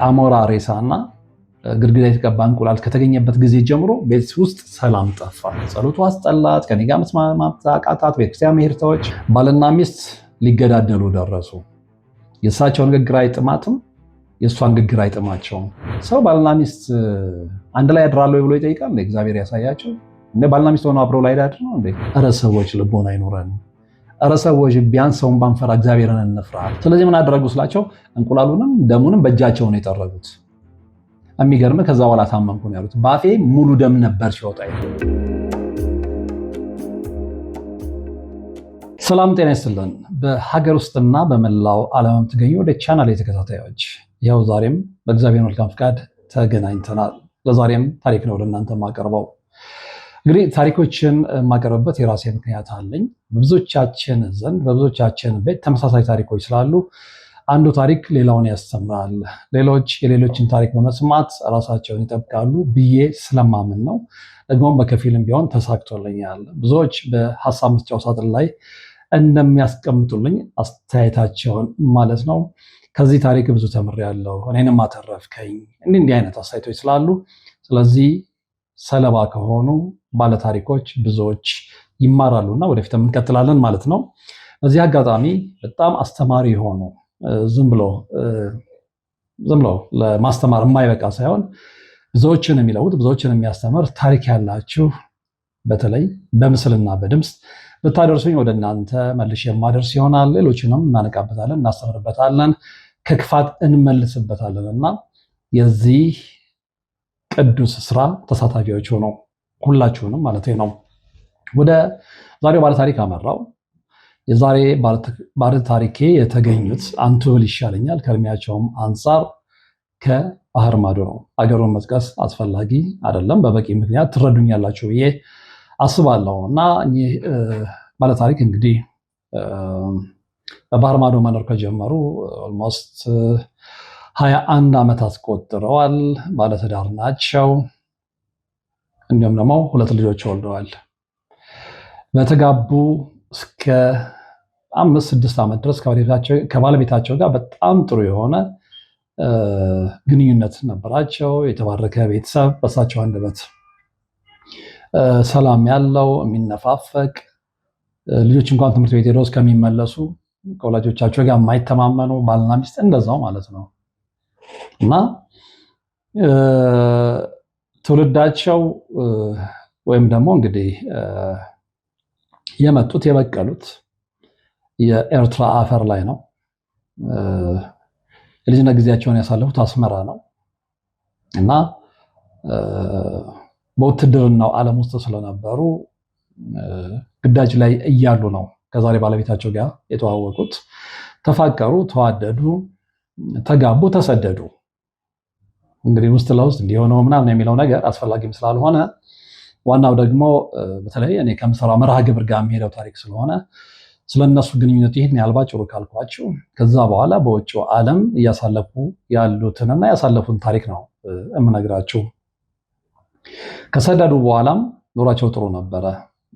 የአሞራ እና ግድግዳ የተቀባ እንቁላል ከተገኘበት ጊዜ ጀምሮ ቤት ውስጥ ሰላም ጠፋ። ጸሎቱ አስጠላት፣ ከኔ ጋር መስማማት አቃታት። ቤተክርስቲያን መሄድ ተወች። ባልና ሚስት ሊገዳደሉ ደረሱ። የእሳቸው ንግግር አይጥማትም፣ የእሷ ንግግር አይጥማቸውም። ሰው ባልና ሚስት አንድ ላይ ያድራሉ ብሎ ይጠይቃል? እግዚአብሔር ያሳያቸው። እ ባልና ሚስት ሆነው አብረው ላይ ዳድር ነው። እረ ሰዎች ልቦና አይኖረንም። እረ ቢያንስ ሰውን ባንፈራ እግዚአብሔርን እንፍራ። ስለዚህ ምን አደረጉ ስላቸው እንቁላሉንም ደሙንም በእጃቸው ነው የጠረጉት። የሚገርም ከዛ በኋላ ታመምኩ ነው ያሉት። ባፌ ሙሉ ደም ነበር ሲወጣ። ሰላም ጤና ይስጥልን። በሀገር ውስጥና በመላው ዓለም የምትገኙ ወደ ቻናል የተከታታዮች ይኸው ዛሬም በእግዚአብሔር መልካም ፍቃድ ተገናኝተናል። ለዛሬም ታሪክ ነው ለእናንተ ማቀርበው እንግዲህ ታሪኮችን የማቀርብበት የራሴ ምክንያት አለኝ። በብዙቻችን ዘንድ በብዙቻችን ቤት ተመሳሳይ ታሪኮች ስላሉ አንዱ ታሪክ ሌላውን ያስተምራል፣ ሌሎች የሌሎችን ታሪክ በመስማት ራሳቸውን ይጠብቃሉ ብዬ ስለማምን ነው። ደግሞም በከፊልም ቢሆን ተሳክቶልኛል። ብዙዎች በሀሳብ መስጫው ሳጥን ላይ እንደሚያስቀምጡልኝ አስተያየታቸውን ማለት ነው። ከዚህ ታሪክ ብዙ ተምሬያለሁ፣ እኔንም አተረፍከኝ፣ እንዲህ እንዲህ አይነት አስተያየቶች ስላሉ ስለዚህ ሰለባ ከሆኑ ባለታሪኮች ብዙዎች ይማራሉ እና ወደፊት እንቀጥላለን ማለት ነው። በዚህ አጋጣሚ በጣም አስተማሪ የሆኑ ዝም ብሎ ዝም ብሎ ለማስተማር የማይበቃ ሳይሆን ብዙዎችን የሚለውጥ ብዙዎችን የሚያስተምር ታሪክ ያላችሁ በተለይ በምስልና በድምፅ ብታደርሱኝ ወደ እናንተ መልሽ የማደርስ ይሆናል። ሌሎችንም እናነቃበታለን፣ እናስተምርበታለን፣ ከክፋት እንመልስበታለን እና የዚህ ቅዱስ ስራ ተሳታፊዎች ሆነው ሁላችሁንም ማለት ነው። ወደ ዛሬው ባለታሪክ አመራው። የዛሬ ባለታሪኬ የተገኙት አንቶብል ይሻለኛል ከእድሜያቸውም አንጻር ከባህር ማዶ ነው። አገሩን መጥቀስ አስፈላጊ አይደለም፣ በበቂ ምክንያት ትረዱኛላችሁ ብዬ አስባለሁ። እና ባለታሪክ እንግዲህ በባህር ማዶ መኖር ከጀመሩ ኦልሞስት ሀያ አንድ ዓመት አስቆጥረዋል። ባለትዳር ናቸው። እንዲሁም ደግሞ ሁለት ልጆች ወልደዋል። በተጋቡ እስከ አምስት ስድስት ዓመት ድረስ ከባለቤታቸው ጋር በጣም ጥሩ የሆነ ግንኙነት ነበራቸው። የተባረከ ቤተሰብ በሳቸው አንደበት ሰላም ያለው የሚነፋፈቅ ልጆች እንኳን ትምህርት ቤት ሄደው እስከሚመለሱ ከወላጆቻቸው ጋር የማይተማመኑ ባልና ሚስት እንደዛው ማለት ነው እና ትውልዳቸው ወይም ደግሞ እንግዲህ የመጡት የበቀሉት የኤርትራ አፈር ላይ ነው። የልጅነት ጊዜያቸውን ያሳለፉት አስመራ ነው እና በውትድርናው ዓለም ውስጥ ስለነበሩ ግዳጅ ላይ እያሉ ነው ከዛሬ ባለቤታቸው ጋር የተዋወቁት። ተፋቀሩ፣ ተዋደዱ፣ ተጋቡ፣ ተሰደዱ። እንግዲህ ውስጥ ለውስጥ እንዲሆነው ምናምን የሚለው ነገር አስፈላጊም ስላልሆነ ዋናው ደግሞ በተለይ እኔ ከምሰራው መርሃ ግብር ጋር የሚሄደው ታሪክ ስለሆነ እነሱ ግንኙነት ይህን ያልባ ጭሩ ካልኳችሁ ከዛ በኋላ በውጭው ዓለም እያሳለፉ ያሉትንና ያሳለፉን ታሪክ ነው የምነግራችሁ። ከሰደዱ በኋላም ኑሯቸው ጥሩ ነበረ።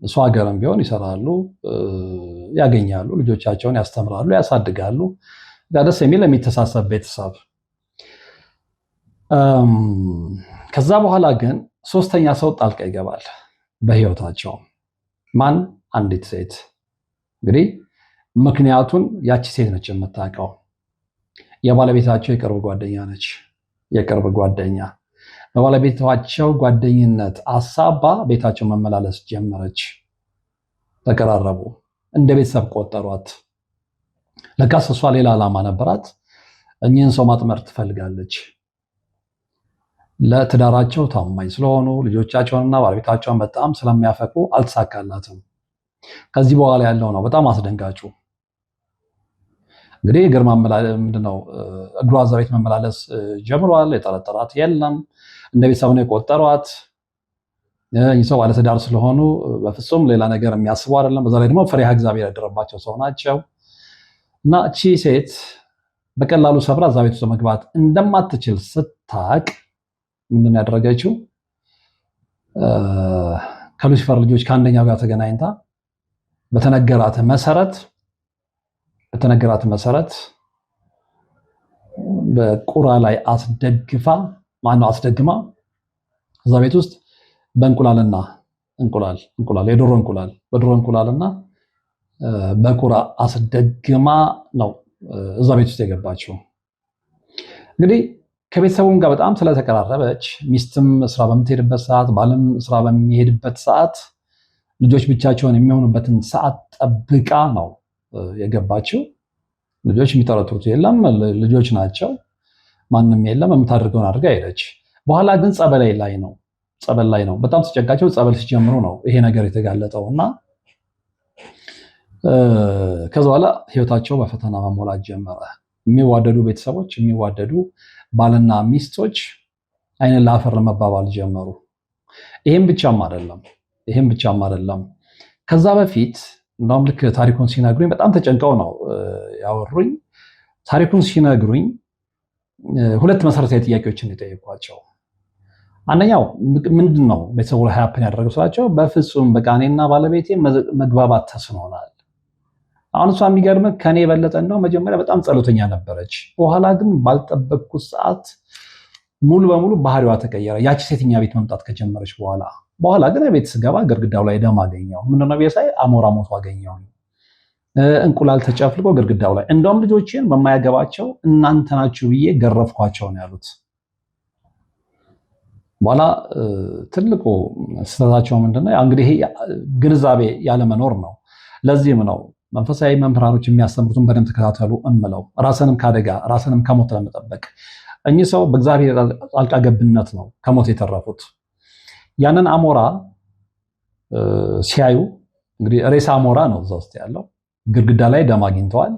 እሱ ሀገርም ቢሆን ይሰራሉ፣ ያገኛሉ፣ ልጆቻቸውን ያስተምራሉ፣ ያሳድጋሉ። ደስ የሚል የሚተሳሰብ ቤተሰብ ከዛ በኋላ ግን ሶስተኛ ሰው ጣልቃ ይገባል በህይወታቸው። ማን? አንዲት ሴት። እንግዲህ ምክንያቱን ያቺ ሴት ነች የምታውቀው። የባለቤታቸው የቅርብ ጓደኛ ነች። የቅርብ ጓደኛ በባለቤታቸው ጓደኝነት አሳባ ቤታቸው መመላለስ ጀመረች። ተቀራረቡ፣ እንደ ቤተሰብ ቆጠሯት። ለካስ እሷ ሌላ ዓላማ ነበራት። እኚህን ሰው ማጥመር ትፈልጋለች። ለትዳራቸው ታማኝ ስለሆኑ ልጆቻቸውንና ባለቤታቸውን በጣም ስለሚያፈቁ አልተሳካላትም። ከዚህ በኋላ ያለው ነው በጣም አስደንጋጩ። እንግዲህ ግርማ ምንድነው እግሯ እዛ ቤት መመላለስ ጀምሯል። የጠረጠራት የለም። እንደ ቤተሰብ ነው የቆጠሯት። ይህ ሰው ባለትዳር ስለሆኑ በፍጹም ሌላ ነገር የሚያስቡ አይደለም። በዛ ላይ ደግሞ ፍሬሃ እግዚአብሔር ያደረባቸው ሰው ናቸው እና እቺ ሴት በቀላሉ ሰብራ እዛ ቤት ውስጥ መግባት እንደማትችል ስታቅ ምንድን ያደረገችው ከሉሲፈር ልጆች ከአንደኛው ጋር ተገናኝታ በተነገራት መሰረት በተነገራት መሰረት በቁራ ላይ አስደግፋ ማነው አስደግማ እዛ ቤት ውስጥ በእንቁላልና እንቁላል እንቁላል የዶሮ እንቁላል በዶሮ እንቁላልና በቁራ አስደግማ ነው እዛ ቤት ውስጥ የገባችው እንግዲህ ከቤተሰቡም ጋር በጣም ስለተቀራረበች ሚስትም ስራ በምትሄድበት ሰዓት፣ ባልም ስራ በሚሄድበት ሰዓት ልጆች ብቻቸውን የሚሆኑበትን ሰዓት ጠብቃ ነው የገባችው። ልጆች የሚጠረጥሩት የለም፣ ልጆች ናቸው፣ ማንም የለም። የምታደርገውን አድርጋ ሄደች። በኋላ ግን ጸበላይ ላይ ነው ጸበል ላይ ነው በጣም ስጨጋቸው ጸበል ሲጀምሩ ነው ይሄ ነገር የተጋለጠው እና ከዛ በኋላ ህይወታቸው በፈተና መሞላት ጀመረ። የሚዋደዱ ቤተሰቦች የሚዋደዱ ባልና ሚስቶች አይን ለአፈር ለመባባል ጀመሩ። ይህም ብቻም አይደለም ይህም ብቻም አይደለም። ከዛ በፊት እንደውም ልክ ታሪኩን ሲነግሩኝ በጣም ተጨንቀው ነው ያወሩኝ። ታሪኩን ሲነግሩኝ ሁለት መሰረታዊ ጥያቄዎችን የጠየኳቸው፣ አንደኛው ምንድን ነው ቤተሰቡ ላይ ሀያፕን ያደረገው ስላቸው፣ በፍጹም በቃ እኔና ባለቤቴ መግባባት ተስኖናል አሁን እሷ የሚገርም ከኔ የበለጠ ነው። መጀመሪያ በጣም ጸሎተኛ ነበረች። በኋላ ግን ባልጠበቅኩት ሰዓት ሙሉ በሙሉ ባህሪዋ ተቀየረ። ያቺ ሴትኛ ቤት መምጣት ከጀመረች በኋላ በኋላ ግን ቤት ስገባ ግድግዳው ላይ ደም አገኘው። ምንድነው ቤሳይ አሞራ ሞቶ አገኘው። እንቁላል ተጨፍልቆ ግርግዳው ላይ። እንደውም ልጆችን በማያገባቸው እናንተ ናችሁ ብዬ ገረፍኳቸው ነው ያሉት። በኋላ ትልቁ ስህተታቸው ምንድነው? እንግዲህ ግንዛቤ ያለመኖር ነው። ለዚህም ነው መንፈሳዊ መምህራኖች የሚያስተምሩትን በደንብ ተከታተሉ እንምለው። ራስንም ከአደጋ ራስንም ከሞት ለመጠበቅ እኚህ ሰው በእግዚአብሔር ጣልቃ ገብነት ነው ከሞት የተረፉት። ያንን አሞራ ሲያዩ እንግዲህ ሬሳ አሞራ ነው እዛ ውስጥ ያለው። ግድግዳ ላይ ደም አግኝተዋል።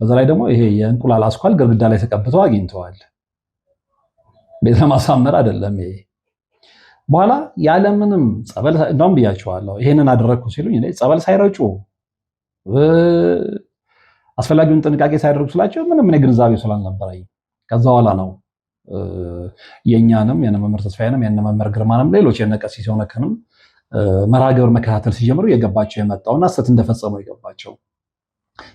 በዛ ላይ ደግሞ ይሄ የእንቁላል አስኳል ግድግዳ ላይ ተቀብተው አግኝተዋል። ቤት ለማሳመር አይደለም ይሄ። በኋላ ያለምንም ጸበል እንደውም ብያቸዋለሁ፣ ይሄንን አደረግኩ ሲሉኝ ጸበል ሳይረጩ አስፈላጊውን ጥንቃቄ ሳያደርጉ ስላቸው ምንም እኔ ግንዛቤ ስላልነበረኝ ከዛ በኋላ ነው የእኛንም የነ መምህር ተስፋዬንም የነ መምህር ግርማንም ሌሎች የነቀስ ሲሆነከንም መርሃ ግብር መከታተል ሲጀምሩ የገባቸው የመጣውና ስህተት እንደፈጸሙ የገባቸው።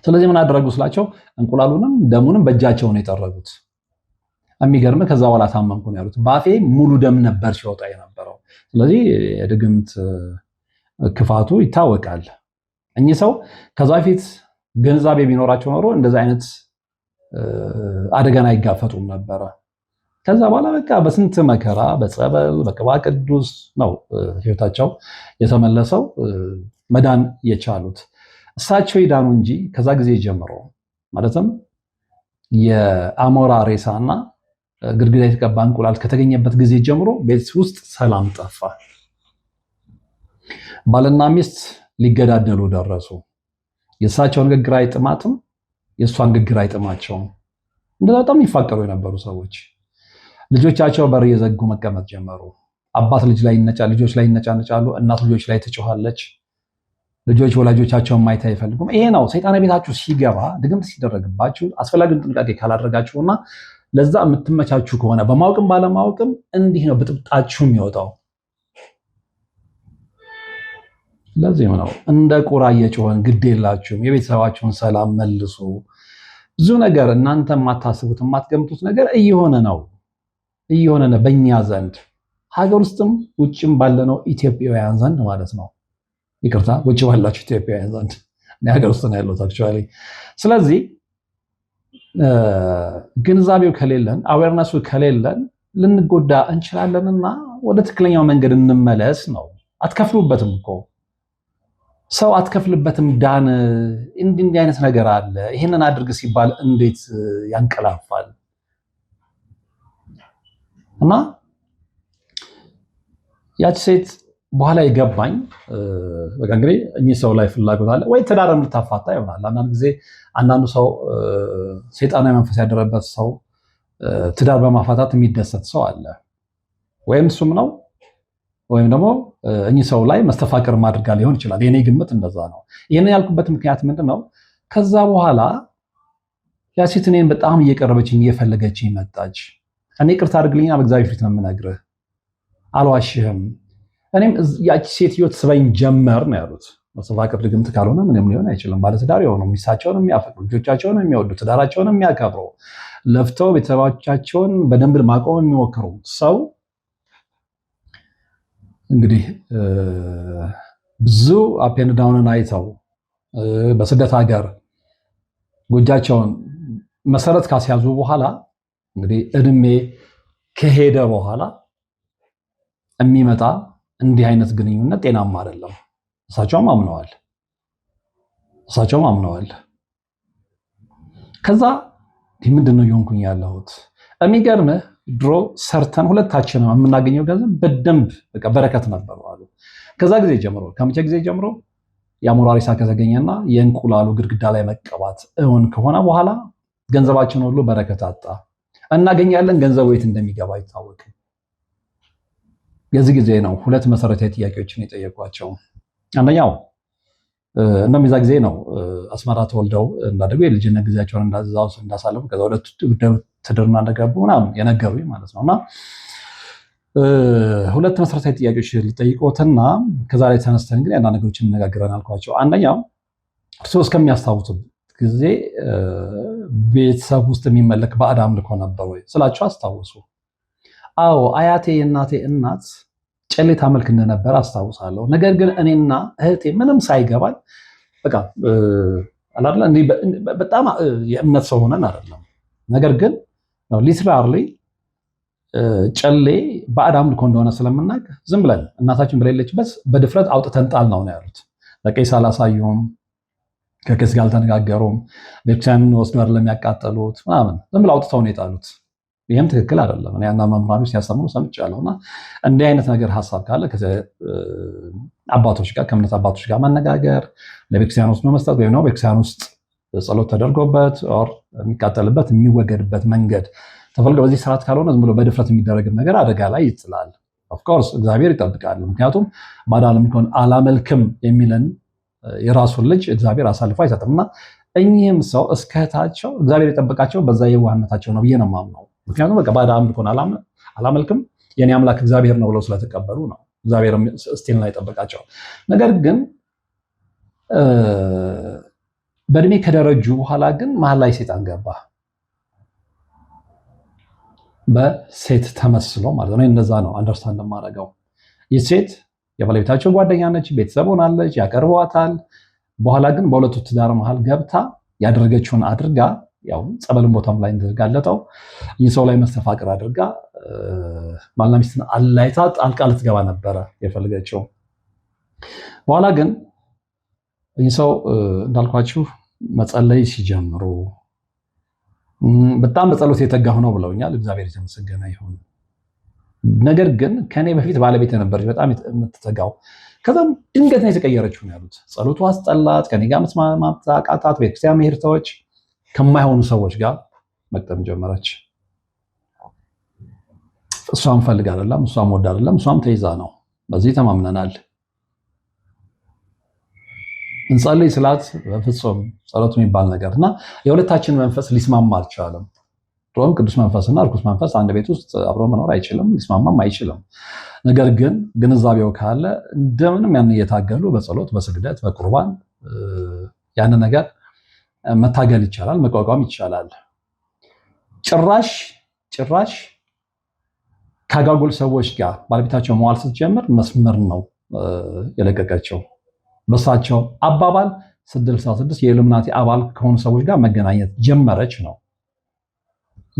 ስለዚህ ምን አደረጉ ስላቸው እንቁላሉንም ደሙንም በእጃቸው ነው የጠረጉት። የሚገርም ከዛ በኋላ ታመምኩ ነው ያሉት። በአፌ ሙሉ ደም ነበር ሲወጣ የነበረው። ስለዚህ የድግምት ክፋቱ ይታወቃል። እኚህ ሰው ከዛ በፊት ግንዛቤ ቢኖራቸው ኖሮ እንደዚህ አይነት አደጋን አይጋፈጡም ነበረ። ከዛ በኋላ በቃ በስንት መከራ በጸበል በቅባ ቅዱስ ነው ህይወታቸው የተመለሰው መዳን የቻሉት እሳቸው ይዳኑ እንጂ ከዛ ጊዜ ጀምሮ ማለትም የአሞራ ሬሳና ግድግዳ የተቀባ እንቁላል ከተገኘበት ጊዜ ጀምሮ ቤት ውስጥ ሰላም ጠፋ። ባልና ሚስት ሊገዳደሉ ደረሱ። የእሳቸው ንግግር አይጥማትም፣ የእሷ ንግግር አይጥማቸውም። እንደዛ በጣም ይፋቀሩ የነበሩ ሰዎች ልጆቻቸው በር እየዘጉ መቀመጥ ጀመሩ። አባት ልጅ ላይ ይነጫ ልጆች ላይ ይነጫነጫሉ። እናት ልጆች ላይ ትጮኻለች። ልጆች ወላጆቻቸውን ማየት አይፈልጉም። ይሄ ነው ሰይጣን ቤታችሁ ሲገባ ድግምት ሲደረግባችሁ አስፈላጊውን ጥንቃቄ ካላደረጋችሁና ለዛ የምትመቻችሁ ከሆነ በማወቅም ባለማወቅም እንዲህ ነው ብጥብጣችሁ የሚወጣው። ለዚህም ነው እንደ ቁራ እየጮህን ግድ የላችሁም የቤተሰባችሁን ሰላም መልሱ። ብዙ ነገር እናንተ የማታስቡት የማትገምቱት ነገር እየሆነ ነው እየሆነ ነው በእኛ ዘንድ ሀገር ውስጥም ውጭም ባለነው ኢትዮጵያውያን ዘንድ ማለት ነው። ይቅርታ ውጭ ባላችሁ ኢትዮጵያውያን ዘንድ ሀገር ውስጥ ነው ያለሁት አክቹዋሊ። ስለዚህ ግንዛቤው ከሌለን አዌርነሱ ከሌለን ልንጎዳ እንችላለንና ወደ ትክክለኛው መንገድ እንመለስ ነው። አትከፍሉበትም እኮ ሰው አትከፍልበትም ዳን እንዲህ እንዲህ አይነት ነገር አለ፣ ይሄንን አድርግ ሲባል እንዴት ያንቀላፋል። እና ያች ሴት በኋላ ይገባኝ በቃ እንግዲህ እኚህ ሰው ላይ ፍላጎት አለ ወይ ትዳርም ልታፋታ ይሆናል። አንዳንድ ጊዜ አንዳንዱ ሰው ሴጣናዊ መንፈስ ያደረበት ሰው ትዳር በማፋታት የሚደሰት ሰው አለ፣ ወይም እሱም ነው ወይም ደግሞ እኚህ ሰው ላይ መስተፋቅር ማድርጋ ሊሆን ይችላል። የኔ ግምት እንደዛ ነው። ይህንን ያልኩበት ምክንያት ምንድን ነው? ከዛ በኋላ ያ ሴት እኔን በጣም እየቀረበችኝ እየፈለገችኝ መጣች። እኔ ቅርታ አድርግልኛ፣ በእግዚአብሔር ፊት ነው የምነግርህ፣ አልዋሽህም። እኔም ያቺ ሴትዮ ትስበኝ ጀመር ነው ያሉት። መስተፋቅር ድግምት ካልሆነ ምንም ሊሆን አይችልም። ባለትዳር የሆኑ ሚስታቸውን የሚያፈቅሩ ልጆቻቸውን የሚወዱ ትዳራቸውን የሚያከብሩ ለፍተው ቤተሰባቻቸውን በደንብ ማቆም የሚሞክሩ ሰው እንግዲህ ብዙ አፔን ዳውንን አይተው በስደት ሀገር ጎጃቸውን መሰረት ካስያዙ በኋላ እንግዲህ እድሜ ከሄደ በኋላ የሚመጣ እንዲህ አይነት ግንኙነት ጤናማ አይደለም። እሳቸውም አምነዋል እሳቸውም አምነዋል። ከዛ ምንድን ነው የሆንኩኝ ያለሁት? የሚገርምህ ድሮ ሰርተን ሁለታችን የምናገኘው ገንዘብ በደንብ በረከት ነበረው አሉ። ከዛ ጊዜ ጀምሮ ከመቼ ጊዜ ጀምሮ የአሞራሪሳ ከተገኘና የእንቁላሉ ግድግዳ ላይ መቀባት እውን ከሆነ በኋላ ገንዘባችን ሁሉ በረከት አጣ። እናገኛለን፣ ገንዘብ የት እንደሚገባ አይታወቅም። የዚህ ጊዜ ነው ሁለት መሰረታዊ ጥያቄዎችን የጠየቋቸው። አንደኛው እናም የዛ ጊዜ ነው አስመራ ተወልደው እንዳደጉ የልጅነት ጊዜያቸውን እዛው እንዳሳለፉ ከዛ ወደ ትዳር እንደገቡ ምናምን የነገሩኝ ማለት ነው እና ሁለት መሰረታዊ ጥያቄዎች ልጠይቆትና ከዛ ላይ ተነስተን እንግዲህ አንዳንድ ነገሮች እንነጋግረን አልኳቸው። አንደኛው እርስዎ እስከሚያስታውሱት ጊዜ ቤተሰብ ውስጥ የሚመለክ ባዕድ አምልኮ ነበር ወይ ስላቸው አስታውሱ። አዎ አያቴ የእናቴ እናት ጨሌ ታመልክ እንደነበረ አስታውሳለሁ። ነገር ግን እኔና እህቴ ምንም ሳይገባል በቃ አላለ በጣም የእምነት ሰው ሆነን አይደለም። ነገር ግን ሊትራሊ ጨሌ ባዕድ አምልኮ እንደሆነ ስለምናቅ ዝም ብለን እናታችን በሌለችበት በድፍረት አውጥተን ጣል ነው ያሉት። ለቄስ አላሳዩም፣ ከቄስ ጋር አልተነጋገሩም። ቤተክርስቲያንን ወስዶ አይደለም ያቃጠሉት ምናምን፣ ዝም ብለው አውጥተው ነው የጣሉት። ይህም ትክክል አይደለም። እኔ አንዳንድ መምህራኖች ሲያስተምሩ ሰምቻለሁ እና እንዲህ አይነት ነገር ሀሳብ ካለ አባቶች ጋር ከእምነት አባቶች ጋር ማነጋገር ለቤተክርስቲያን ውስጥ መመስጠት ወይም ቤተክርስቲያን ውስጥ ጸሎት ተደርጎበት ኦር የሚቃጠልበት የሚወገድበት መንገድ ተፈልገ በዚህ ስርዓት ካልሆነ ዝም ብሎ በድፍረት የሚደረግ ነገር አደጋ ላይ ይጥላል። ኦፍኮርስ እግዚአብሔር ይጠብቃል። ምክንያቱም ባዳለም ከሆን አላመልክም የሚለን የራሱን ልጅ እግዚአብሔር አሳልፎ አይሰጥም እና እኚህም ሰው እስከታቸው እግዚአብሔር የጠበቃቸው በዛ የዋህነታቸው ነው ብዬ ነው የማምነው። ምክንያቱም በቃ ባዕድ አምልኮን አላመልክም የኔ አምላክ እግዚአብሔር ነው ብለው ስለተቀበሉ ነው። እግዚአብሔር ስቲል ላይ ጠበቃቸው። ነገር ግን በእድሜ ከደረጁ በኋላ ግን መሀል ላይ ሴጣን ገባ፣ በሴት ተመስሎ ማለት ነው። እነዛ ነው አንደርስታንድ የማደርገው። ይህ ሴት የባለቤታቸው ጓደኛ ነች፣ ቤተሰብ ሆናለች፣ ያቀርበዋታል። በኋላ ግን በሁለቱ ትዳር መሀል ገብታ ያደረገችውን አድርጋ ያው ጸበልን ቦታም ላይ እንደጋለጠው እኚህ ሰው ላይ መስተፋቅር አድርጋ ባልና ሚስትን አላይታ ጣልቃ ልትገባ ነበረ የፈለገችው። በኋላ ግን እኚህ ሰው እንዳልኳችሁ መጸለይ ሲጀምሩ በጣም በጸሎት የተጋሁ ነው ብለውኛል። እግዚአብሔር የተመሰገነ ይሁን። ነገር ግን ከኔ በፊት ባለቤት የነበረች በጣም የምትተጋው ከዛም ድንገት ነው የተቀየረችው ነው ያሉት። ጸሎቱ አስጠላት። ከኔ ጋር መስማማት አቃታት። ቤተክርስቲያን መሄድ ተወች። ከማይሆኑ ሰዎች ጋር መቅጠም ጀመረች። እሷም ፈልግ አይደለም፣ እሷም ወድ አይደለም፣ እሷም ተይዛ ነው። በዚህ ተማምነናል። እንጸልይ ስላት በፍጹም ጸሎት የሚባል ነገር እና የሁለታችን መንፈስ ሊስማማ አልቻለም። ድሮም ቅዱስ መንፈስና እርኩስ መንፈስ አንድ ቤት ውስጥ አብሮ መኖር አይችልም፣ ሊስማማም አይችልም። ነገር ግን ግንዛቤው ካለ እንደምንም ያን እየታገሉ በጸሎት በስግደት በቁርባን ያን ነገር መታገል ይቻላል፣ መቋቋም ይቻላል። ጭራሽ ጭራሽ ከአጋጉል ሰዎች ጋር ባለቤታቸው መዋል ስትጀምር መስመር ነው የለቀቀችው። በሳቸው አባባል 66 የኢሉምናቲ አባል ከሆኑ ሰዎች ጋር መገናኘት ጀመረች ነው።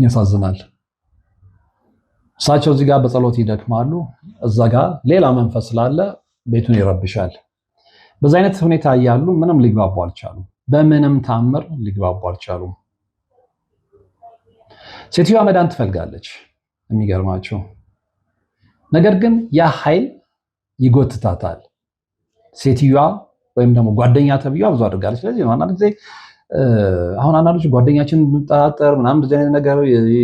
ያሳዝናል። እሳቸው እዚህ ጋር በጸሎት ይደክማሉ፣ እዛ ጋር ሌላ መንፈስ ስላለ ቤቱን ይረብሻል። በዚህ አይነት ሁኔታ እያሉ ምንም ሊግባቡ አልቻሉም። በምንም ታምር ሊግባቡ አልቻሉም። ሴትዮዋ መዳን ትፈልጋለች፣ የሚገርማቸው ነገር ግን ያ ኃይል ይጎትታታል። ሴትዮዋ ወይም ደግሞ ጓደኛ ተብዬዋ ብዙ አድርጋለች። ስለዚህ ነው አንዳንድ ጊዜ አሁን አንዳንዶች ጓደኛችን እንጠራጠር ምናምን ብዙ አይነት ነገር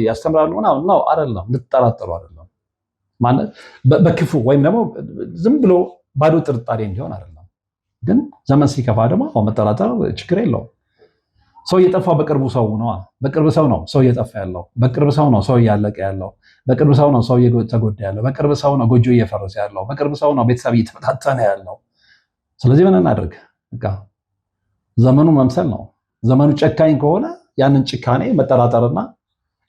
ያስተምራሉ ምናምን ነው አይደለም፣ እንድትጠራጠሩ አይደለም ማለት በክፉ ወይም ደግሞ ዝም ብሎ ባዶ ጥርጣሬ እንዲሆን አይደለም። ግን ዘመን ሲከፋ ደግሞ መጠራጠር ችግር የለውም። ሰው እየጠፋው በቅርቡ ሰው ነው። በቅርብ ሰው ነው ሰው እየጠፋ ያለው። በቅርብ ሰው ነው ሰው እያለቀ ያለው። በቅርብ ሰው ነው ሰው እየተጎዳ ያለው። በቅርብ ሰው ነው ጎጆ እየፈረሰ ያለው። በቅርብ ሰው ነው ቤተሰብ እየተበታተነ ያለው። ስለዚህ ምን እናድርግ? በቃ ዘመኑ መምሰል ነው። ዘመኑ ጨካኝ ከሆነ ያንን ጭካኔ መጠራጠርና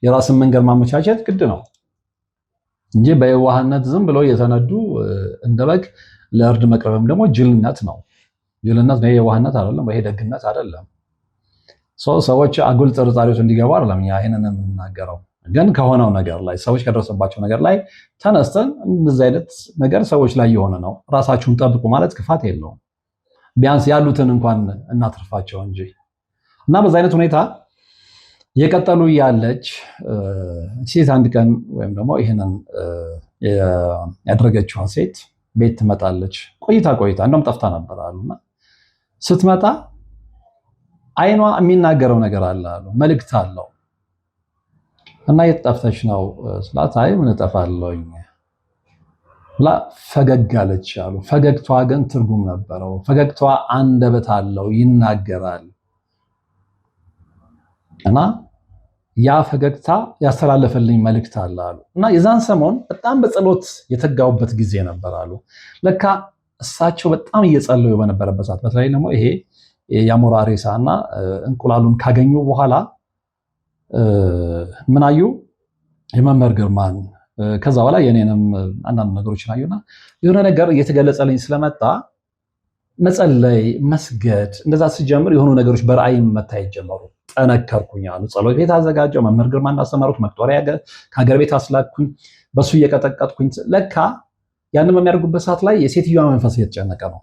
የራስን መንገድ ማመቻቸት ግድ ነው እንጂ በየዋህነት ዝም ብሎ እየተነዱ እንደበግ ለእርድ መቅረብም ደግሞ ጅልነት ነው። ጅልነት ነው። የዋህነት አይደለም፣ ይሄ ደግነት አይደለም። ሰዎች አጉል ጥርጣሬዎች እንዲገባ አይደለም እኛ ይሄንን የምናገረው፣ ግን ከሆነው ነገር ላይ ሰዎች ከደረሰባቸው ነገር ላይ ተነስተን እንደዚህ አይነት ነገር ሰዎች ላይ የሆነ ነው፣ ራሳችሁን ጠብቁ ማለት ክፋት የለውም። ቢያንስ ያሉትን እንኳን እናትርፋቸው እንጂ እና በዛ አይነት ሁኔታ የቀጠሉ ያለች ሴት አንድ ቀን ወይም ደግሞ ይህንን ያደረገችውን ሴት ቤት ትመጣለች። ቆይታ ቆይታ እንደውም ጠፍታ ነበር አሉና ስትመጣ አይኗ የሚናገረው ነገር አለ አሉ መልእክት አለው እና የት ነው ስላት፣ አይ ምን እጠፋለሁኝ ብላ ፈገግ አለች አሉ። ፈገግቷ ግን ትርጉም ነበረው። ፈገግቷ አንደበት አለው ይናገራል። እና ያ ፈገግታ ያስተላለፈልኝ መልእክት አለ አሉ እና የዛን ሰሞን በጣም በጸሎት የተጋውበት ጊዜ ነበር አሉ ለካ እሳቸው በጣም እየጸለዩ በነበረበት ሰዓት በተለይ ደግሞ ይሄ የአሞራ ሬሳ እና እንቁላሉን ካገኙ በኋላ ምን አዩ? የመምህር ግርማን ከዛ በኋላ የኔንም አንዳንድ ነገሮችን አዩና የሆነ ነገር እየተገለጸልኝ ስለመጣ መጸለይ መስገድ እንደዛ ስጀምር የሆኑ ነገሮች በራእይ መታየት ጀመሩ። ጠነከርኩኝ አሉ። ጸሎት ቤት አዘጋጀው። መምህር ግርማ እንዳስተማሩት መቅጦሪያ ከሀገር ቤት አስላኩኝ። በሱ እየቀጠቀጥኩኝ ለካ ያንን በሚያደርጉበት ሰዓት ላይ የሴትዮዋ መንፈስ እየተጨነቀ ነው።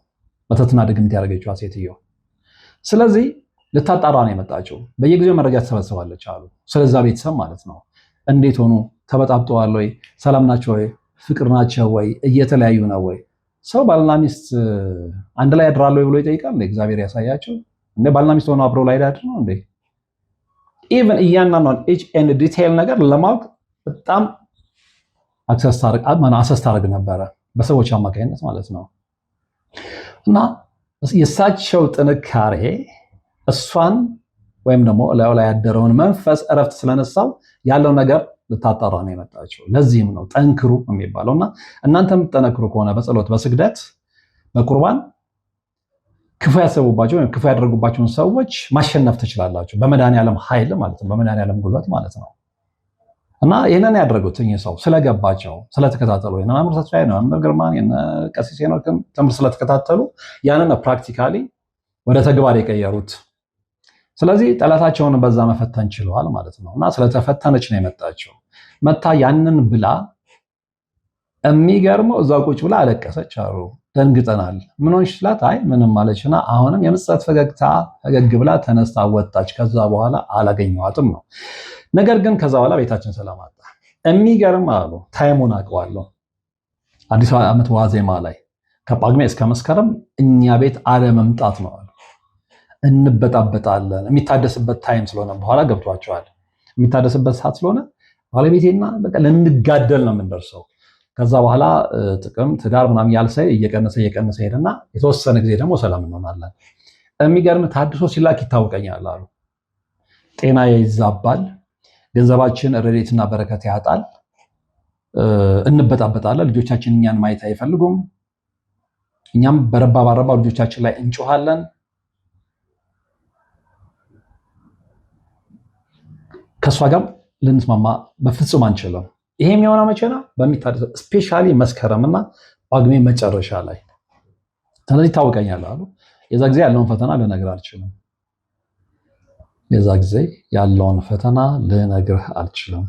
መተትና ድግምት ያደረገችዋ ሴትዮ። ስለዚህ ልታጣራ ነው የመጣችው። በየጊዜው መረጃ ትሰበስባለች አሉ። ስለዛ ቤተሰብ ማለት ነው። እንዴት ሆኑ? ተበጣብጠዋል ወይ? ሰላም ናቸው ወይ? ፍቅር ናቸው ወይ? እየተለያዩ ነው ወይ? ሰው ባልና ሚስት አንድ ላይ ያድራል ወይ ብሎ ይጠይቃል። እግዚአብሔር ያሳያቸው። እ ባልና ሚስት ሆነው አብሮ ላይ ያድር ነው እንዴ? ኢቨን እያንዳንዷን ኤች ኤንድ ዲቴይል ነገር ለማወቅ በጣም አክሰስ ታደርግ ነበረ። በሰዎች አማካኝነት ማለት ነው። እና የእሳቸው ጥንካሬ እሷን ወይም ደግሞ ላዩ ላይ ያደረውን መንፈስ እረፍት ስለነሳው ያለው ነገር ልታጣራ ነው የመጣችው። ለዚህም ነው ጠንክሩ የሚባለው። እና እናንተ የምትጠነክሩ ከሆነ በጸሎት፣ በስግደት፣ በቁርባን ክፉ ያሰቡባቸው ወይም ክፉ ያደረጉባቸውን ሰዎች ማሸነፍ ትችላላችሁ። በመድኃኔዓለም ኃይል ማለት ነው። በመድኃኔዓለም ጉልበት ማለት ነው። እና ይህንን ያደረጉት እኚህ ሰው ስለገባቸው ስለተከታተሉ የነ መምህር ተስፋዬ የነ መምህር ግርማን የነ ቀሲስ ሄኖክን ትምህርት ስለተከታተሉ ያንን ፕራክቲካሊ ወደ ተግባር የቀየሩት። ስለዚህ ጠላታቸውን በዛ መፈተን ችለዋል ማለት ነው። እና ስለተፈተነች ነው የመጣቸው። መታ ያንን ብላ የሚገርመው እዛ ቁጭ ብላ አለቀሰች አሉ። ደንግጠናል። ምን ሆንሽ ስላት አይ ምንም ማለችና አሁንም የምጽት ፈገግታ ፈገግ ብላ ተነስታ ወጣች። ከዛ በኋላ አላገኘዋትም ነው ነገር ግን ከዛ በኋላ ቤታችን ሰላም አጣ። የሚገርም አሉ ታይሙን አውቀዋለሁ። አዲስ ዓመት ዋዜማ ላይ ከጳጉሜ እስከ መስከረም እኛ ቤት አለመምጣት ነው አሉ። እንበጣበጣለን። የሚታደስበት ታይም ስለሆነ በኋላ ገብቷቸዋል። የሚታደስበት ሰዓት ስለሆነ ባለቤቴና በቃ ልንጋደል ነው የምንደርሰው። ከዛ በኋላ ጥቅም ትዳር ምናምን ያልሳይ እየቀነሰ እየቀነሰ ሄደና የተወሰነ ጊዜ ደግሞ ሰላም እንሆናለን። የሚገርም ታድሶ ሲላክ ይታወቀኛል አሉ። ጤና ይዛባል። ገንዘባችን ረድኤትና በረከት ያጣል፣ እንበጣበጣለን። ልጆቻችን እኛን ማየት አይፈልጉም። እኛም በረባ ባረባ ልጆቻችን ላይ እንጮሃለን። ከእሷ ጋር ልንስማማ በፍጹም አንችልም። ይሄ የሚሆነው መቼ ነው? በሚታደሰው ስፔሻሊ መስከረምና ጳጉሜ መጨረሻ ላይ ስለዚህ አሉ። የዛ ጊዜ ያለውን ፈተና ልነግርህ አልችልም። የዛ ጊዜ ያለውን ፈተና ልነግርህ አልችልም።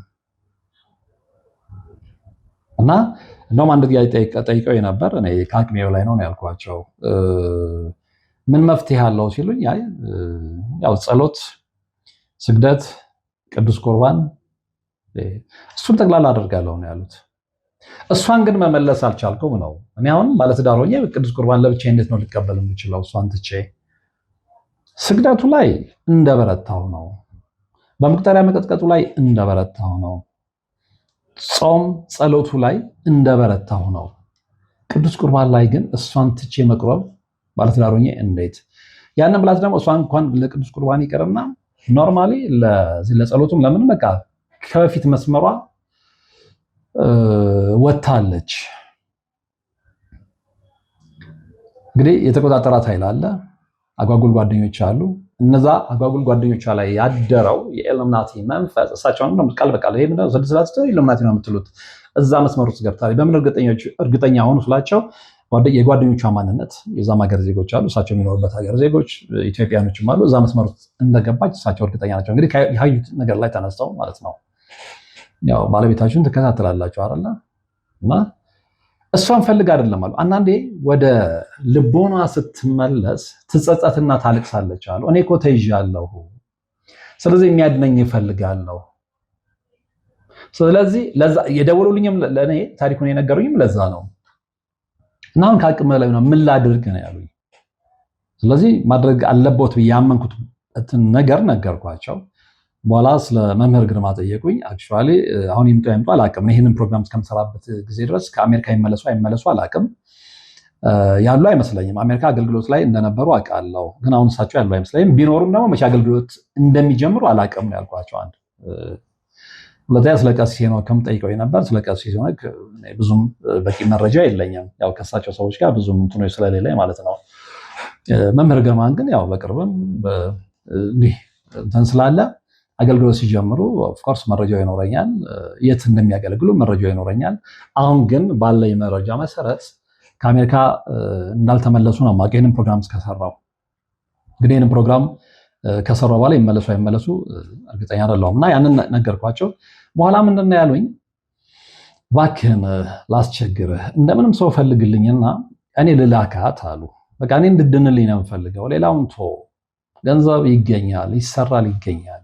እና እንደውም አንድ ጥያቄ ጠይቀው ነበር። እኔ ከአቅሜ ነው ያልኳቸው። ምን መፍትሄ አለው ሲሉኝ፣ ያው ጸሎት፣ ስግደት፣ ቅዱስ ቁርባን እሱን ጠቅላላ አደርጋለሁ ነው ያሉት። እሷን ግን መመለስ አልቻልኩም ነው። እኔ አሁን ባለትዳር ሆኜ ቅዱስ ቁርባን ለብቻ እንዴት ነው ልቀበል የምችለው እሷን ትቼ ስግደቱ ላይ እንደበረታው ነው። በመቅጠሪያ መቀጥቀጡ ላይ እንደበረታው ነው። ጾም ጸሎቱ ላይ እንደበረታው ነው። ቅዱስ ቁርባን ላይ ግን እሷን ትቼ መቅረብ ባለትዳር ሆኜ እንዴት ያንን ብላት ደግሞ እሷ እንኳን ለቅዱስ ቁርባን ይቅርና ኖርማሊ ለጸሎቱም ለምን በቃ ከበፊት መስመሯ ወታለች። እንግዲህ የተቆጣጠራት ኃይል አለ። አጓጉል ጓደኞች አሉ። እነዛ አጓጉል ጓደኞቿ ላይ ያደረው የኢሉሚናቲ መንፈስ እሳቸውን ቃል በቃል ኢሉሚናቲ ነው የምትሉት እዛ መስመር ውስጥ ገብታለች። በምን እርግጠኛ ሆኑ ስላቸው የጓደኞቿ ማንነት የዛም ሀገር ዜጎች አሉ፣ እሳቸው የሚኖሩበት ሀገር ዜጎች ኢትዮጵያኖችም አሉ። እዛ መስመር ውስጥ እንደገባች እሳቸው እርግጠኛ ናቸው። እንግዲህ ያዩት ነገር ላይ ተነስተው ማለት ነው። ያው ባለቤታችሁን ትከታተላላችሁ አይደለ እና እሷን ፈልግ አይደለም አሉ። አንዳንዴ ወደ ልቦና ስትመለስ ትጸጸትና ታልቅሳለች አሉ። እኔ እኮ ተይዣለሁ፣ ስለዚህ የሚያድነኝ እፈልጋለሁ። ስለዚህ የደወሉልኝም ለእኔ ታሪኩን የነገሩኝም ለዛ ነው። እና አሁን ከአቅም በላይ ነው፣ ምን ላድርግ ነው ያሉኝ። ስለዚህ ማድረግ አለቦት ብዬ ያመንኩትን ነገር ነገርኳቸው። በኋላ ስለ መምህር ግርማ ጠየቁኝ። አክቹዋሊ uh, አሁን ይምጡ አይምጡ አላቅም። ይህንን ፕሮግራም እስከምሰራበት ጊዜ ድረስ ከአሜሪካ ይመለሱ አይመለሱ አላቅም። uh, ያሉ አይመስለኝም። አሜሪካ አገልግሎት ላይ እንደነበሩ አውቃለሁ፣ ግን አሁን እሳቸው ያሉ አይመስለኝም። ቢኖሩም ደግሞ መቼ አገልግሎት እንደሚጀምሩ አላቅም ነው ያልኳቸው። አንድ ሁለተኛ uh, ስለ ቀሲስ ሄኖክም ጠይቀው ነበር። ስለ ቀሲስ ሄኖክ ብዙም በቂ መረጃ የለኝም፣ ያው ከእሳቸው ሰዎች ጋር ብዙም እንትኖች ስለሌለኝ ማለት ነው። መምህር ግርማን ግን ያው በቅርብም እንዲህ እንትን ስላለ አገልግሎት ሲጀምሩ ኦፍኮርስ መረጃው ይኖረኛል፣ የት እንደሚያገለግሉ መረጃው ይኖረኛል። አሁን ግን ባለኝ መረጃ መሰረት ከአሜሪካ እንዳልተመለሱ ነው የማውቀው። ይህንን ፕሮግራም እስከሰራው ግን ይህንን ፕሮግራም ከሰራው በኋላ ይመለሱ አይመለሱ እርግጠኛ አይደለሁም እና ያንን ነገርኳቸው። በኋላ ምንድን ነው ያሉኝ፣ እባክህን ላስቸግርህ እንደምንም ሰው ፈልግልኝና እኔ ልላካት አሉ። በቃ እኔ እንድድንልኝ ነው የምፈልገው። ሌላውን ቶ ገንዘብ ይገኛል፣ ይሰራል፣ ይገኛል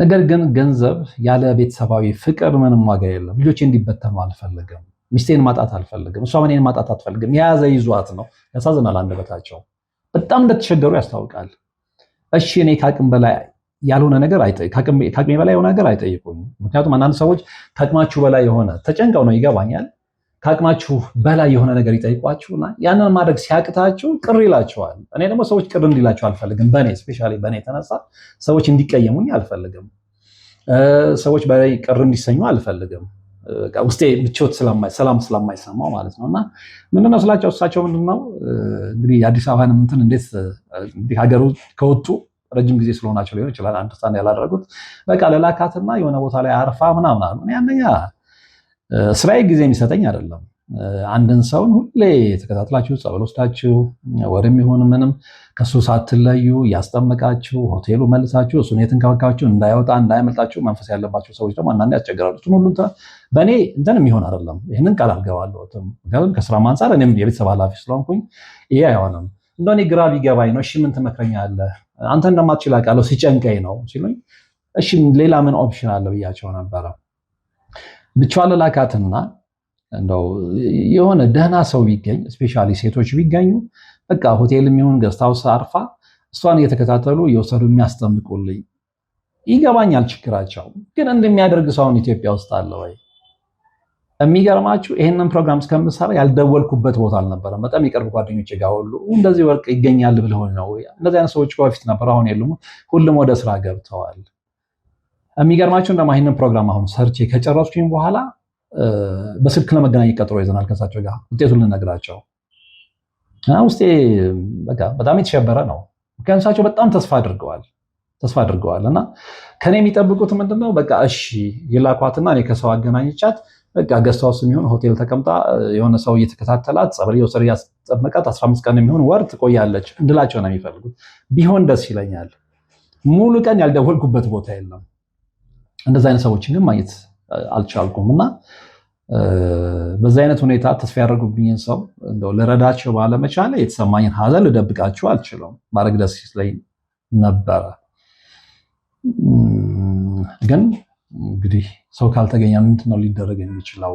ነገር ግን ገንዘብ ያለ ቤተሰባዊ ፍቅር ምንም ዋጋ የለም። ልጆቼ እንዲበተኑ አልፈልግም። ሚስቴን ማጣት አልፈልግም። እሷ እኔን ማጣት አትፈልግም። የያዘ ይዟት ነው። ያሳዝናል። አንደበታቸው በጣም እንደተቸገሩ ያስታውቃል። እሺ እኔ ከአቅም በላይ ያልሆነ ነገር ከአቅሜ በላይ የሆነ ነገር አይጠይቁም። ምክንያቱም አንዳንድ ሰዎች ከአቅማችሁ በላይ የሆነ ተጨንቀው ነው ይገባኛል ከአቅማችሁ በላይ የሆነ ነገር ይጠይቋችሁና ያንን ማድረግ ሲያቅታችሁ ቅር ይላችኋል። እኔ ደግሞ ሰዎች ቅር እንዲላችሁ አልፈልግም። በእኔ እስፔሻሊ በእኔ የተነሳ ሰዎች እንዲቀየሙኝ አልፈልግም። ሰዎች በላይ ቅር እንዲሰኙ አልፈልግም። ውስጤ ምቾት ሰላም ስለማይሰማው ማለት ነው። እና ምንድነው ስላቸው እሳቸው ምንድነው እንግዲህ የአዲስ አበባን እንትን እንዴት እንግዲህ ሀገሩ ከወጡ ረጅም ጊዜ ስለሆናቸው ሊሆን ይችላል አንድ ያላደረጉት በቃ ለላካትና የሆነ ቦታ ላይ አርፋ ምናምን አሉ። አንደኛ ስራዬ ጊዜ የሚሰጠኝ አይደለም። አንድን ሰውን ሁሌ ተከታትላችሁ ጸበል ወስዳችሁ ወደም ይሁን ምንም ከሱ ሳትለዩ እያስጠመቃችሁ ሆቴሉ መልሳችሁ እሱን የተንከባከባችሁ እንዳይወጣ እንዳይመልጣችሁ መንፈስ ያለባቸው ሰዎች ደግሞ አንዳንዴ ያስቸግራሉ። እሱን ሁሉ በእኔ እንትን የሚሆን አይደለም። ይህንን ቃል አልገባለሁትም። ምክንያቱም ከስራ ማንጻር እኔም የቤተሰብ ኃላፊ ስለሆንኩኝ ይሄ አይሆንም። እንደ እኔ ግራ ቢገባኝ ነው። እሺ ምን ትመክረኛለህ? አንተ እንደማትችል አውቃለሁ ሲጨንቀኝ ነው ሲሉኝ፣ እሺ ሌላ ምን ኦፕሽን አለ ብያቸው ነበረ። ብቻዋን ላካትና እንደው የሆነ ደህና ሰው ቢገኝ ስፔሻሊ ሴቶች ቢገኙ በቃ ሆቴል የሚሆን ገስታውስ አርፋ እሷን እየተከታተሉ የወሰዱ የሚያስጠምቁልኝ። ይገባኛል ችግራቸው፣ ግን እንደሚያደርግ ሰውን ኢትዮጵያ ውስጥ አለ ወይ? የሚገርማችሁ ይህንን ፕሮግራም እስከምሰራ ያልደወልኩበት ቦታ አልነበረም። በጣም የቅርብ ጓደኞች ጋር ሁሉ እንደዚህ ወርቅ ይገኛል ብለሆን ነው። እንደዚህ አይነት ሰዎች በፊት ነበር፣ አሁን የሉም። ሁሉም ወደ ስራ ገብተዋል። የሚገርማቸው እንደማ ይህንን ፕሮግራም አሁን ሰርቼ ከጨረስኩኝ በኋላ በስልክ ለመገናኘት ቀጥሮ ይዘናል ከሳቸው ጋር ውጤቱን ልነግራቸው ውስጤ በጣም የተሸበረ ነው። ምክንያቱም እሳቸው በጣም ተስፋ አድርገዋል ተስፋ አድርገዋል እና ከኔ የሚጠብቁት ምንድነው በቃ እሺ የላኳትና እኔ ከሰው አገናኝቻት በቃ ገስት የሚሆን ሆቴል ተቀምጣ የሆነ ሰው እየተከታተላት ጸበል የውስር ያስጠመቃት 15 ቀን የሚሆን ወር ትቆያለች እንድላቸው ነው የሚፈልጉት። ቢሆን ደስ ይለኛል። ሙሉ ቀን ያልደወልኩበት ቦታ የለም። እንደዚ አይነት ሰዎችን ግን ማግኘት አልቻልኩም እና በዚህ አይነት ሁኔታ ተስፋ ያደረጉብኝን ሰው እንደው ልረዳቸው ባለመቻለ የተሰማኝን ሀዘን ልደብቃቸው አልችለውም። ማድረግ ደስ ላይ ነበረ፣ ግን እንግዲህ ሰው ካልተገኘ ምንድን ነው ሊደረግ የሚችለው?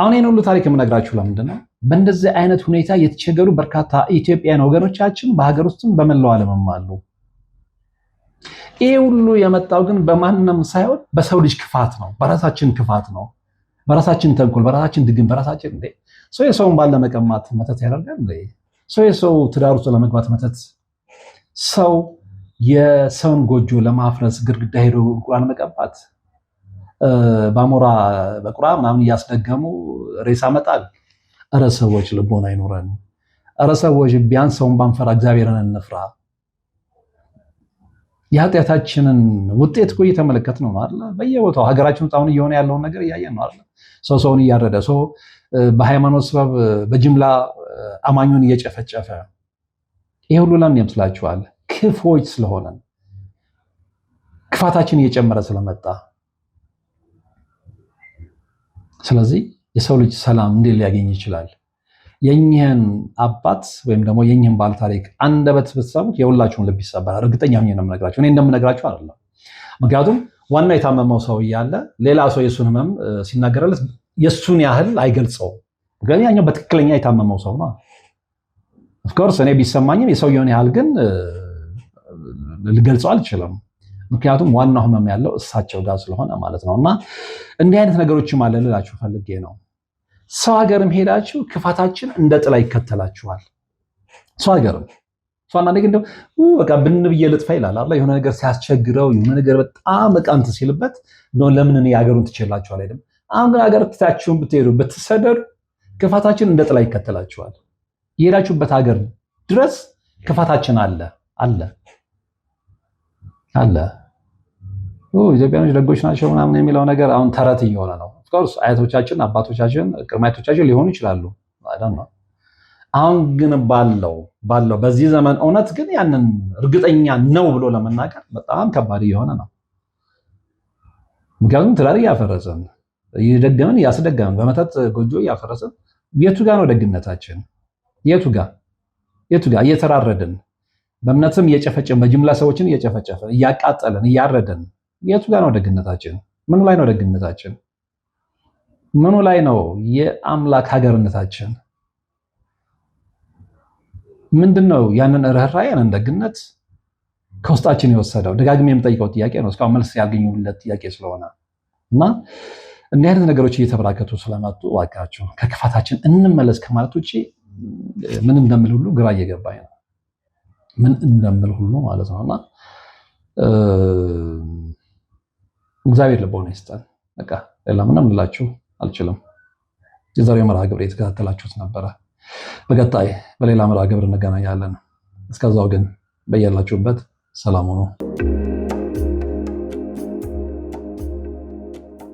አሁን ይህን ሁሉ ታሪክ የምነግራችሁ ለምንድን ነው? በእንደዚህ አይነት ሁኔታ የተቸገሩ በርካታ ኢትዮጵያውያን ወገኖቻችን በሀገር ውስጥም በመላው ዓለምም አሉ። ይሄ ሁሉ የመጣው ግን በማንም ሳይሆን በሰው ልጅ ክፋት ነው፣ በራሳችን ክፋት ነው፣ በራሳችን ተንኮል፣ በራሳችን ድግም፣ በራሳችን እንዴ ሰው የሰውን ባለመቀማት ለመቀማት መተት ያደርጋል እንዴ? ሰው የሰው ትዳር ውስጥ ለመግባት መተት፣ ሰው የሰውን ጎጆ ለማፍረስ ግድግዳ ሄዶ እንቁላል መቀባት፣ በአሞራ በቁራ ምናምን እያስደገሙ ሬሳ መጣል። እረ ሰዎች ልቦና አይኖረን። እረ ሰዎች ቢያንስ ሰውን ባንፈራ እግዚአብሔርን እንፍራ። የኃጢአታችንን ውጤት እኮ እየተመለከት ነው አለ። በየቦታው ሀገራችን ውስጥ አሁን እየሆነ ያለውን ነገር እያየን ነው አለ። ሰው ሰውን እያረደ ሰው በሃይማኖት ሰበብ በጅምላ አማኙን እየጨፈጨፈ ይሄ ሁሉ ለምን ይመስላችኋል? ክፎች ስለሆነን ክፋታችን እየጨመረ ስለመጣ። ስለዚህ የሰው ልጅ ሰላም እንዴት ሊያገኝ ይችላል? የእኚህን አባት ወይም ደግሞ የእኚህን ባለታሪክ አንደበት ብትሰሙት የሁላችሁን ልብ ይሰበራል። እርግጠኛ ሆኜ ነው የምነግራችሁ። እኔ እንደምነግራችሁ አይደለም። ምክንያቱም ዋና የታመመው ሰው እያለ ሌላ ሰው የእሱን ህመም ሲናገርለት የእሱን ያህል አይገልጸውም። ግን ያኛው በትክክለኛ የታመመው ሰው ነው። ኦፍኮርስ እኔ ቢሰማኝም የሰውየውን ያህል ግን ልገልጸው አልችልም። ምክንያቱም ዋናው ህመም ያለው እሳቸው ጋር ስለሆነ ማለት ነው። እና እንዲህ አይነት ነገሮችም አለ ልላችሁ ፈልጌ ነው። ሰው ሀገርም ሄዳችሁ ክፋታችን እንደ ጥላ ይከተላችኋል። ሰው ሀገርም ሰው አንዳንዴ ግን በቃ ብን ብዬ ልጥፋ ይላል አላ የሆነ ነገር ሲያስቸግረው የሆነ ነገር በጣም በቃ ሲልበት እንደው ለምን እኔ ሀገሩን ትችላችኋል አይደለም። አሁን ግን ሀገር ትታችሁን ብትሄዱ ብትሰደዱ ክፋታችን እንደ ጥላ ይከተላችኋል። የሄዳችሁበት ሀገር ድረስ ክፋታችን አለ አለ አለ። ኢትዮጵያኖች ደጎች ናቸው ምናምን የሚለው ነገር አሁን ተረት እየሆነ ነው። ኦፍኮርስ አያቶቻችን፣ አባቶቻችን፣ ቅድመ አያቶቻችን ሊሆኑ ይችላሉ። አሁን ግን ባለው ባለው በዚህ ዘመን እውነት ግን ያንን እርግጠኛ ነው ብሎ ለመናገር በጣም ከባድ እየሆነ ነው። ምክንያቱም ትዳር እያፈረስን እየደገምን እያስደገምን በመተት ጎጆ እያፈረስን የቱ ጋ ነው ደግነታችን? የቱ ጋ የቱ ጋ እየተራረድን በእምነትም እየጨፈጨን በጅምላ ሰዎችን እየጨፈጨፍን እያቃጠልን እያረድን የቱ ጋ ነው ደግነታችን? ምን ላይ ነው ደግነታችን? ምኑ ላይ ነው? የአምላክ ሀገርነታችን ምንድን ነው? ያንን ርኅራኄ ያንን ደግነት ከውስጣችን የወሰደው ደጋግሜ የምጠይቀው ጥያቄ ነው። እስካሁን መልስ ያገኙለት ጥያቄ ስለሆነ እና እንዲህ አይነት ነገሮች እየተበራከቱ ስለመጡ እባካችሁ ከክፋታችን እንመለስ ከማለት ውጭ ምን እንደምል ሁሉ ግራ እየገባኝ ነው። ምን እንደምል ሁሉ ማለት ነው እና እግዚአብሔር ልቦና ይስጠን። በቃ ሌላ ምንም ልላችሁ አልችልም። የዛሬው መርሃ ግብር የተከታተላችሁት ነበረ። በቀጣይ በሌላ መርሃ ግብር እንገናኛለን። እስከዛው ግን በያላችሁበት ሰላም ሁኑ።